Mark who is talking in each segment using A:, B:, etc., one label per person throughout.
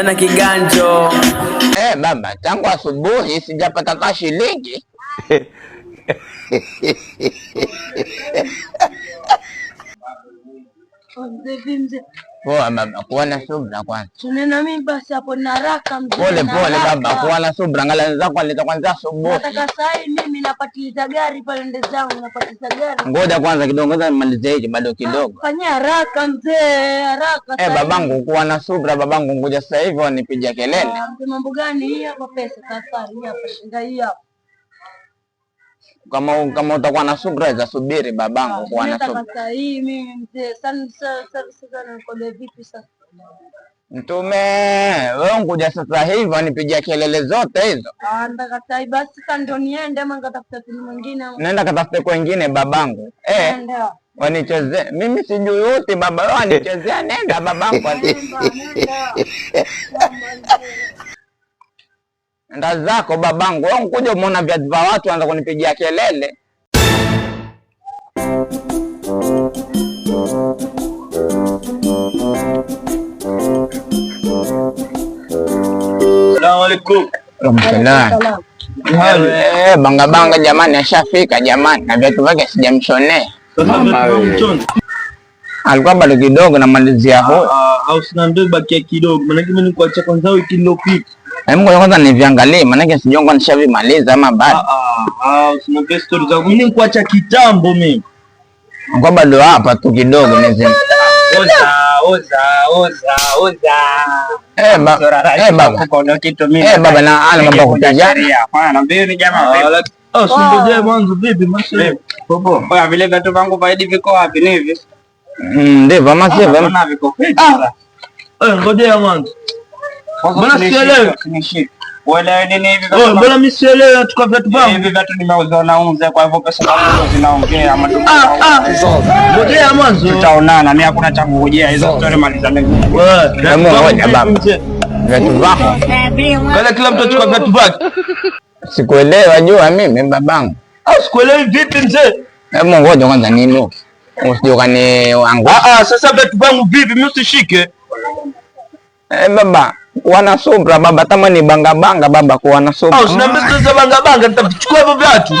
A: tena kiganjo. Eh, baba, tangu asubuhi sijapata hata shilingi
B: Poa
A: baba, kuwa na subra kwanza.
B: Tunena mimi basi hapo na haraka mzee.
A: Pole pole baba, kuwa na subra ngala zako aleta kwanza subuhi.
B: Nataka saa hii mimi napatiza gari pale ndio zangu napatiza gari.
A: Ngoja kwanza kidogo za nimalize hicho bado kidogo.
B: Ah, fanya haraka mzee, haraka.
A: Eh, babangu kuwa na subra babangu, ngoja sasa hivi wanipiga kelele. Ah,
B: mambo gani hii hapa pesa kasari hapa shinda hii hapa
A: kama kama utakuwa na subira za subiri babangu, kwa na Mtume wewe unkuja sasa hivi anipigia kelele zote hizo. Ah, nenda katafute kwengine babangu, eh, wanichezee mimi sijui uti baba, wanichezea nenda babangu Ndazi zako babangu, wewe unkuja umeona viatu vya watu anza kunipigia kelele.
C: Salamu alaykum.
A: Eh, banga banga jamani, ashafika jamani, na viatu vyake sijamshonea. Alikuwa bado kidogo namalizia hapo.
C: Ah, ah, au sina ndio baki kidogo. Maana mimi nikuacha kwanza wiki iliyopita.
A: Hebu ngoja kwanza niviangalie, maanake sijongo nishavimaliza ama bado. Ah,
C: ah, ah, zangu mimi, nikuacha kitambo mimi.
A: Kwa bado hapa tu kidogo nizi eh, eh, baba na ana mambo kutaja
C: vile vitu vangu vaidi viko wapi? Ni hivi
A: mm, ndivyo ama sivyo?
C: Eh, ngoja mwanzo Mbona sielewi? Oh, mbona mimi sielewi tukao viatu vyangu. Hivi viatu nimeuza na unze kwa hivyo pesa zangu zinaongea matumbo. Ah ah. Ngojea mwanzo. Tutaonana, mimi hakuna cha kungojea hizo story maliza mimi.
A: Wewe, ngoja baba. Viatu vako.
C: Kale kila mtu achukua viatu vyake.
A: Sikuelewa jua mimi babangu.
C: Au ah, sikuelewi vipi mzee?
A: Hebu ngoja kwanza ninuke. Usije ukaniangusha.
C: Ah ah, sasa viatu vyangu vipi? Mimi usishike.
A: Eh baba wana subra baba, kama ni banga banga baba, kwa wana subra
C: au sina mtu za banga banga, nitachukua hivyo viatu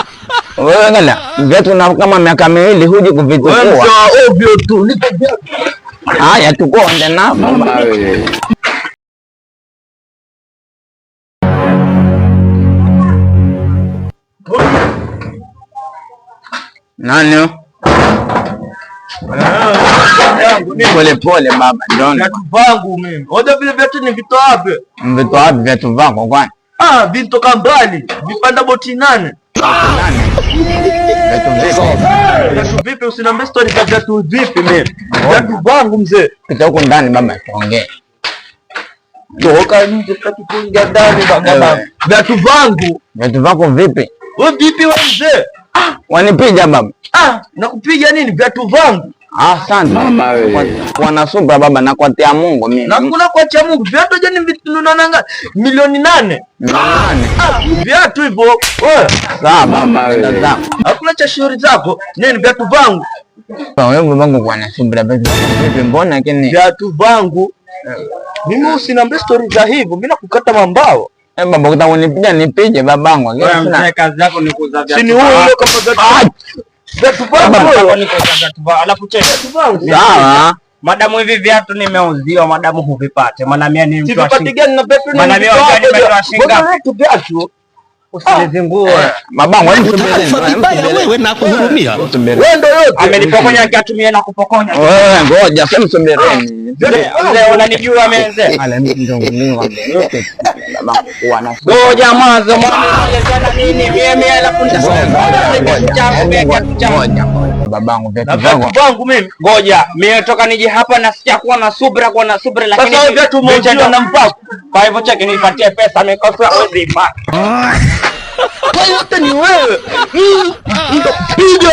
A: wewe. Ngala viatu na kama miaka miwili huji kuvitukua wewe,
C: sio ovyo tu, nipe viatu
A: haya, tukonde na baba wewe nani Polepole baba, ndio
C: vitu
A: wapi viatu vako kwani?
C: Ah, vintoka mbali vipanda boti nane vipi? Usiniambie story za viatu vipi? Mimi viatu vangu mzee,
A: pita huko ndani baba, tuongee
C: viatu vangu.
A: Viatu vako vipi?
C: Wewe vipi wewe mzee?
A: Wanipiga baba.
C: Ah, nakupiga nini? Viatu vangu
A: Asante wana subra baba, nakwatia Mungu mimi.
C: kuna kwa tia Mungu viatu jani nanga milioni nane
A: ah,
C: viatu hivyo, hakuna cha shauri zako nini, viatu vangu
A: mbona kini
C: viatu vangu mimi mbe stori za hivyo, mimi nakukata mambao
A: eh, baba, kutaka kunipiga nipige babangu,
C: sini ule kama
A: Sawa.
C: Madamu hivi viatu nimeuziwa, madamu huvipate. Manamia ni mtu ashingapi? Eh. na kupokonya.
A: Wewe ngoja, sema msomereni.
C: Ah. Unanijua mzee. Ngoja mwanzo babangu, mimi, ngoja mimi nije hapa na sijakuwa na subra, kuwa na subra, lakini kwa hivyo cheki nipatie pesa, amekosa hawezi ipata yote ni wewe, nitakupiga.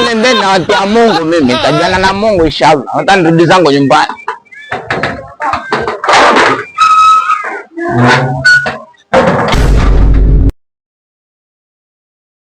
A: Nende na watu wa Mungu, mimi tajana na Mungu inshallah, hata nirudi zangu nyumbani.